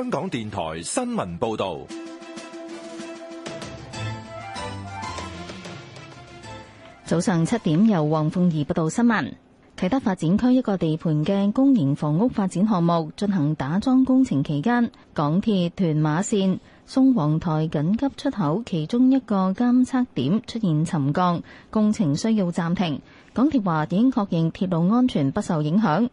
香港電台新聞報道，早上七點由黃鳳儀報道新聞。啟德發展區一個地盤嘅公營房屋發展項目進行打樁工程期間，港鐵屯馬綫宋皇台緊急出口其中一個監測點出現沉降，工程需要暫停。港鐵話已經確認鐵路安全不受影響。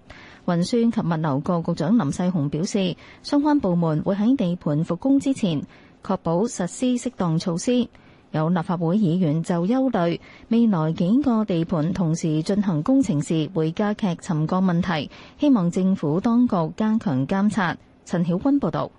運輸及物流局局長林世雄表示，相關部門會喺地盤復工之前，確保實施適當措施。有立法會議員就憂慮，未來幾個地盤同時進行工程時，會加劇沉降問題，希望政府當局加強監察。陳曉君報道。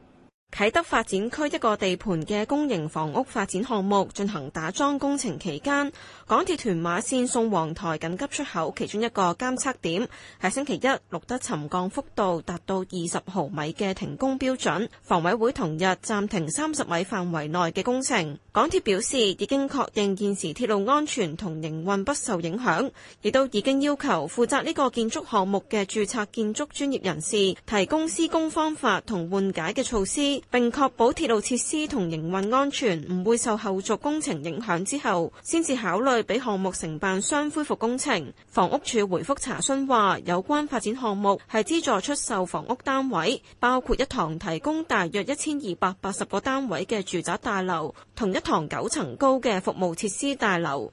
啟德發展區一個地盤嘅公營房屋發展項目進行打樁工程期間，港鐵屯馬線宋皇臺緊急出口其中一個監測點喺星期一錄得沉降幅度達到二十毫米嘅停工標準，房委會同日暫停三十米範圍內嘅工程。港鐵表示已經確認現時鐵路安全同營運不受影響，亦都已經要求負責呢個建築項目嘅註冊建築專業人士提供施工方法同緩解嘅措施。並確保鐵路設施同營運安全唔會受後續工程影響之後，先至考慮俾項目承辦商恢復工程。房屋署回覆查詢話，有關發展項目係資助出售房屋單位，包括一堂提供大約一千二百八十個單位嘅住宅大樓，同一堂九層高嘅服務設施大樓。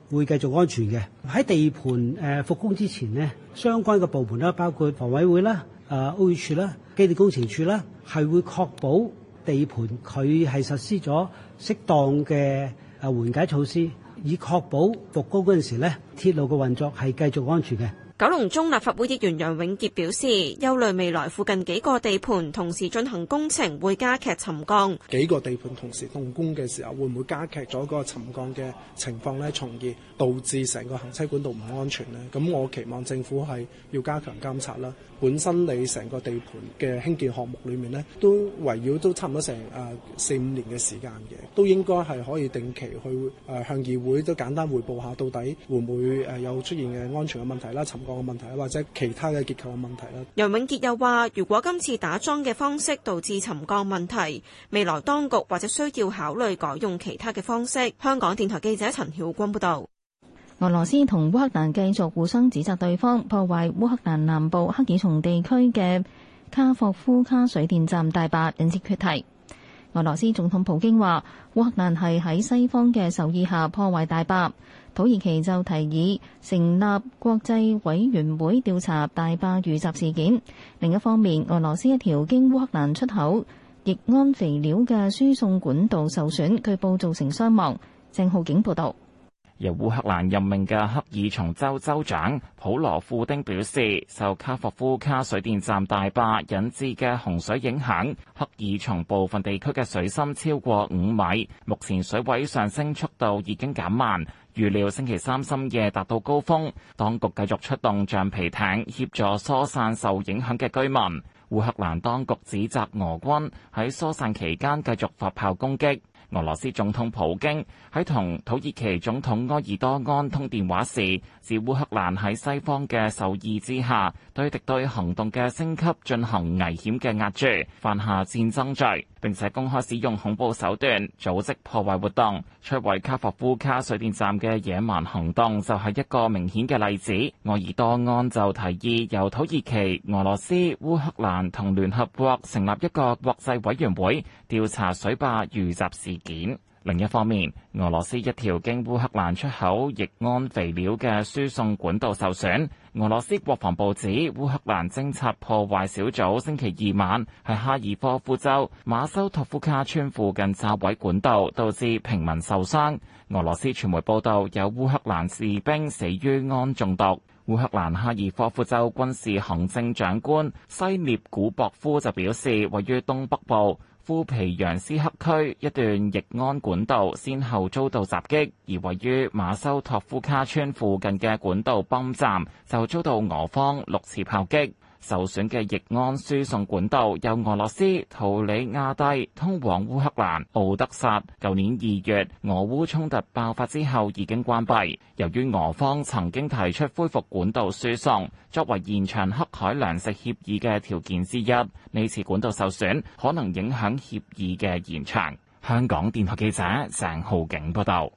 會繼續安全嘅喺地盤誒復工之前呢，相關嘅部門啦，包括房委會啦、啊屋宇署啦、基地工程署啦，係會確保地盤佢係實施咗適當嘅誒緩解措施，以確保復工嗰陣時咧，鐵路嘅運作係繼續安全嘅。九龍中立法會議員楊永傑表示，憂慮未來附近幾個地盤同時進行工程，會加劇沉降。幾個地盤同時動工嘅時候，會唔會加劇咗個沉降嘅情況呢？從而導致成個行車管道唔安全呢？咁我期望政府係要加強監察啦。本身你成個地盤嘅興建項目裏面呢，都圍繞都差唔多成誒四五年嘅時間嘅，都應該係可以定期去誒向議會都簡單匯報下，到底會唔會誒有出現嘅安全嘅問題啦？沉降。個問題或者其他嘅結構嘅問題啦。楊永傑又話，如果今次打樁嘅方式導致沉降問題，未來當局或者需要考慮改用其他嘅方式。香港電台記者陳曉君報導。俄羅斯同烏克蘭繼續互相指責對方破壞烏克蘭南部黑爾松地區嘅卡霍夫卡水電站大壩，引致決堤。俄羅斯總統普京話，烏克蘭係喺西方嘅授意下破壞大壩。土耳其就提議成立國際委員會調查大壩遇襲事件。另一方面，俄羅斯一條經烏克蘭出口液氨肥料嘅輸送管道受損，據報造成傷亡。鄭浩景報道。由烏克蘭任命嘅克爾松州州長普羅富丁表示，受卡霍夫卡水電站大壩引致嘅洪水影響，克爾松部分地區嘅水深超過五米。目前水位上升速度已經減慢，預料星期三深夜達到高峰。當局繼續出動橡皮艇協助疏散受影響嘅居民。烏克蘭當局指責俄軍喺疏散期間繼續發炮攻擊。俄羅斯總統普京喺同土耳其總統埃爾多安通電話時，指烏克蘭喺西方嘅授意之下，對敵對行動嘅升級進行危險嘅壓住，犯下戰爭罪，並且公開使用恐怖手段組織破壞活動。摧毀卡霍夫卡水電站嘅野蠻行動就係一個明顯嘅例子。埃爾多安就提議由土耳其、俄羅斯、烏克蘭同聯合國成立一個國際委員會調查水壩遇襲事。另一方面，俄羅斯一條經烏克蘭出口液氨肥料嘅輸送管道受損。俄羅斯國防部指，烏克蘭偵察破壞小組星期二晚喺哈爾科夫州馬修托夫卡村附近炸毀管道，導致平民受傷。俄羅斯傳媒報道有烏克蘭士兵死於氨中毒。烏克蘭哈爾科夫州軍事行政長官西涅古博夫就表示，位於東北部。庫皮揚斯克區一段液氨管道先後遭到襲擊，而位於馬修托夫卡村附近嘅管道泵站就遭到俄方六次炮擊。受損嘅液氨輸送管道由俄羅斯圖里亞蒂通往烏克蘭敖德薩，舊年二月俄烏衝突爆發之後已經關閉。由於俄方曾經提出恢復管道輸送作為延長黑海糧食協議嘅條件之一，呢次管道受損可能影響協議嘅延長。香港電台記者鄭浩景報道。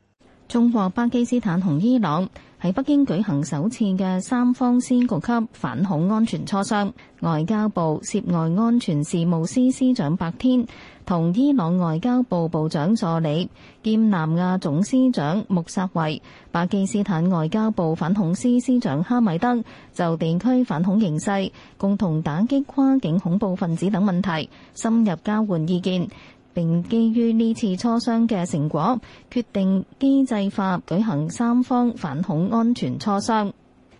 中國、巴基斯坦同伊朗喺北京舉行首次嘅三方先局級反恐安全磋商，外交部涉外安全事務司司長白天同伊朗外交部部長助理兼南亞總司長穆薩維、巴基斯坦外交部反恐司司長哈米登，就地區反恐形勢、共同打擊跨境恐怖分子等問題深入交換意見，並基於呢次磋商嘅成果，決定機制化舉行三方反恐安全磋商。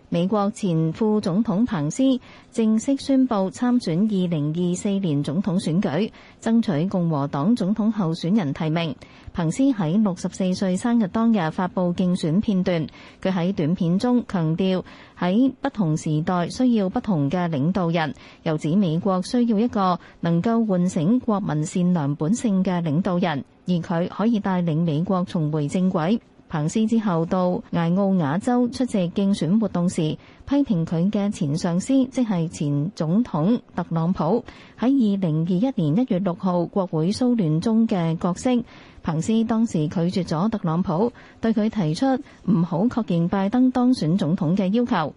美國前副總統彭斯正式宣布參選2024年總統選舉，爭取共和黨總統候選人提名。彭斯喺六十四歲生日當日發佈競選片段，佢喺短片中強調喺不同時代需要不同嘅領導人，又指美國需要一個能夠喚醒國民善良本性嘅領導人，而佢可以帶領美國重回正軌。彭斯之後到艾奧瓦州出席競選活動時，批評佢嘅前上司，即係前總統特朗普喺二零二一年一月六號國會騷亂中嘅角色。彭斯當時拒絕咗特朗普對佢提出唔好確認拜登當選總統嘅要求。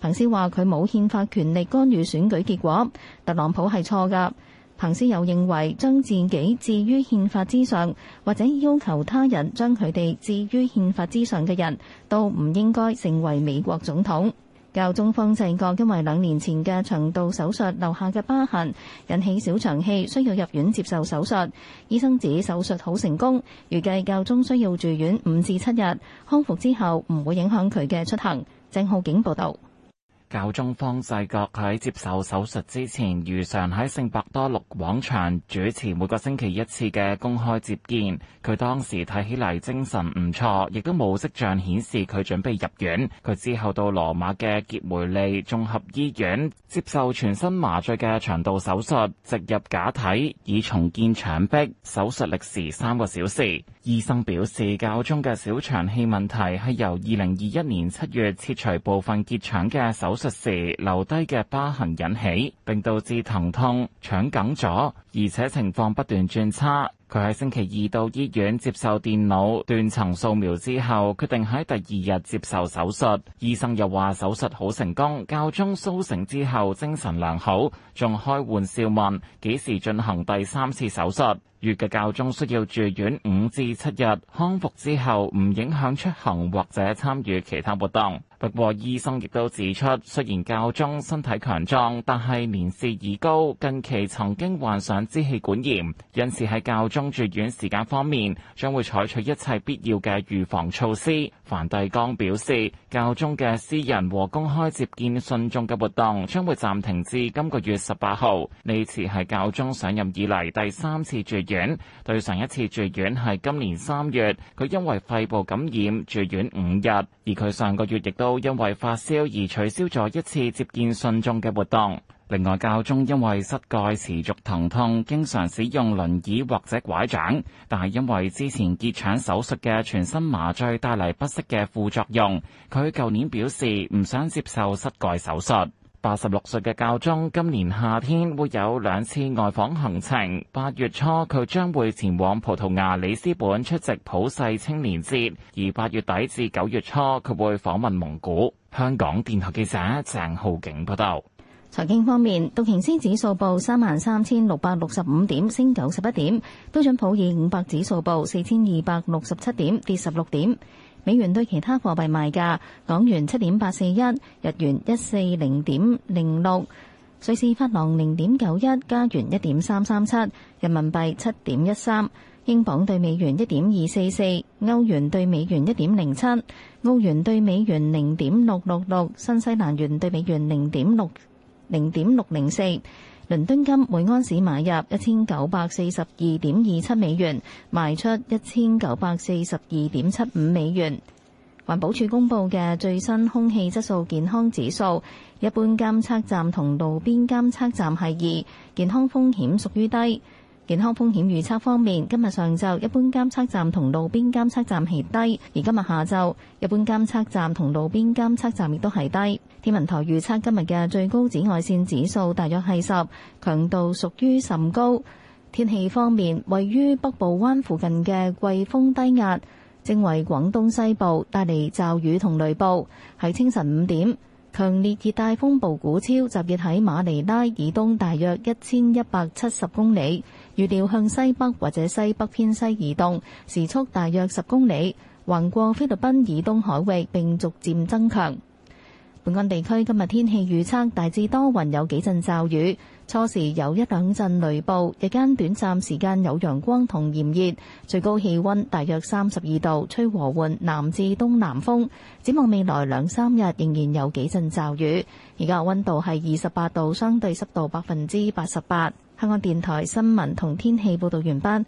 彭斯話佢冇憲法權力干預選舉結果，特朗普係錯㗎。彭斯又認為，將自己置於憲法之上，或者要求他人將佢哋置於憲法之上嘅人都唔應該成為美國總統。教宗方濟各因為兩年前嘅腸道手術留下嘅疤痕，引起小腸氣，需要入院接受手術。醫生指手術好成功，預計教宗需要住院五至七日，康復之後唔會影響佢嘅出行。鄭浩景報道。教宗方濟各喺接受手術之前，如常喺聖伯多祿廣場主持每個星期一次嘅公開接見。佢當時睇起嚟精神唔錯，亦都冇跡象顯示佢準備入院。佢之後到羅馬嘅傑梅利綜合醫院接受全身麻醉嘅腸道手術，植入假體以重建腸壁。手術歷時三個小時。醫生表示教宗嘅小腸氣問題係由二零二一年七月切除部分結腸嘅手術實時留低嘅疤痕引起，並導致疼痛了，腸梗阻。而且情況不斷轉差，佢喺星期二到醫院接受電腦斷層掃描之後，決定喺第二日接受手術，醫生又話手術好成功，教宗蘇醒之後，精神良好，仲開玩笑問幾時進行第三次手術，預計教宗需要住院五至七日，康復之後唔影響出行或者參與其他活動，不過醫生亦都指出，雖然教宗身體強壯，但係年事已高，近期曾經患上支氣管炎，因此喺教宗住院時間方面，將會採取一切必要嘅預防措施。梵蒂岡表示，教宗嘅私人和公開接見信眾嘅活動將會暫停至今個月十八號。呢次係教宗上任以嚟第三次住院，對上一次住院係今年三月，佢因為肺部感染住院五日，而佢上個月亦都因為發燒而取消咗一次接見信眾嘅活動。另外，教宗因為膝蓋持續疼痛，痛，經常使用輪椅或者拐杖，但係因為之前結腸手術嘅全身麻醉帶嚟不適嘅副作用，佢舊年表示唔想接受膝蓋手術。八十六歲嘅教宗今年夏天會有兩次外訪行程。八月初佢將會前往葡萄牙里斯本出席普世青年節，而八月底至九月初佢會訪問蒙古。香港電台記者鄭浩景報道。財經方面，道瓊斯指數報三萬三千六百六十五點，升九十一點；標準普爾五百指數報四千二百六十七點，跌十六點。美元對其他貨幣賣價，港元七點八四一，日元一四零點零六，瑞士法郎零點九一，加元一點三三七，人民幣七點一三，英鎊對美元一點二四四，歐元對美元一點零七，澳元對美元零點六六六，新西蘭元對美元零點六。零點六零四，倫敦金每安士買入一千九百四十二點二七美元，賣出一千九百四十二點七五美元。環保署公布嘅最新空氣質素健康指數，一般監測站同路邊監測站係二，健康風險屬於低。健康風險預測方面，今日上晝一般監測站同路邊監測站係低，而今日下晝一般監測站同路邊監測站亦都係低。天文台預測今日嘅最高紫外線指數大約係十，強度屬於甚高。天氣方面，位於北部灣附近嘅季風低壓正為廣東西部帶嚟驟雨同雷暴，喺清晨五點。強烈熱帶風暴古超集結喺馬尼拉以東大約一千一百七十公里，預料向西北或者西北偏西移動，時速大約十公里，橫過菲律賓以東海域並逐漸增強。本港地區今日天氣預測，大致多雲，有幾陣驟雨，初時有一兩陣雷暴，日間短暫時間有陽光同炎熱，最高氣溫大約三十二度，吹和緩南至東南風。展望未來兩三日仍然有幾陣驟雨。而家溫度係二十八度，相對濕度百分之八十八。香港電台新聞同天氣報道完畢。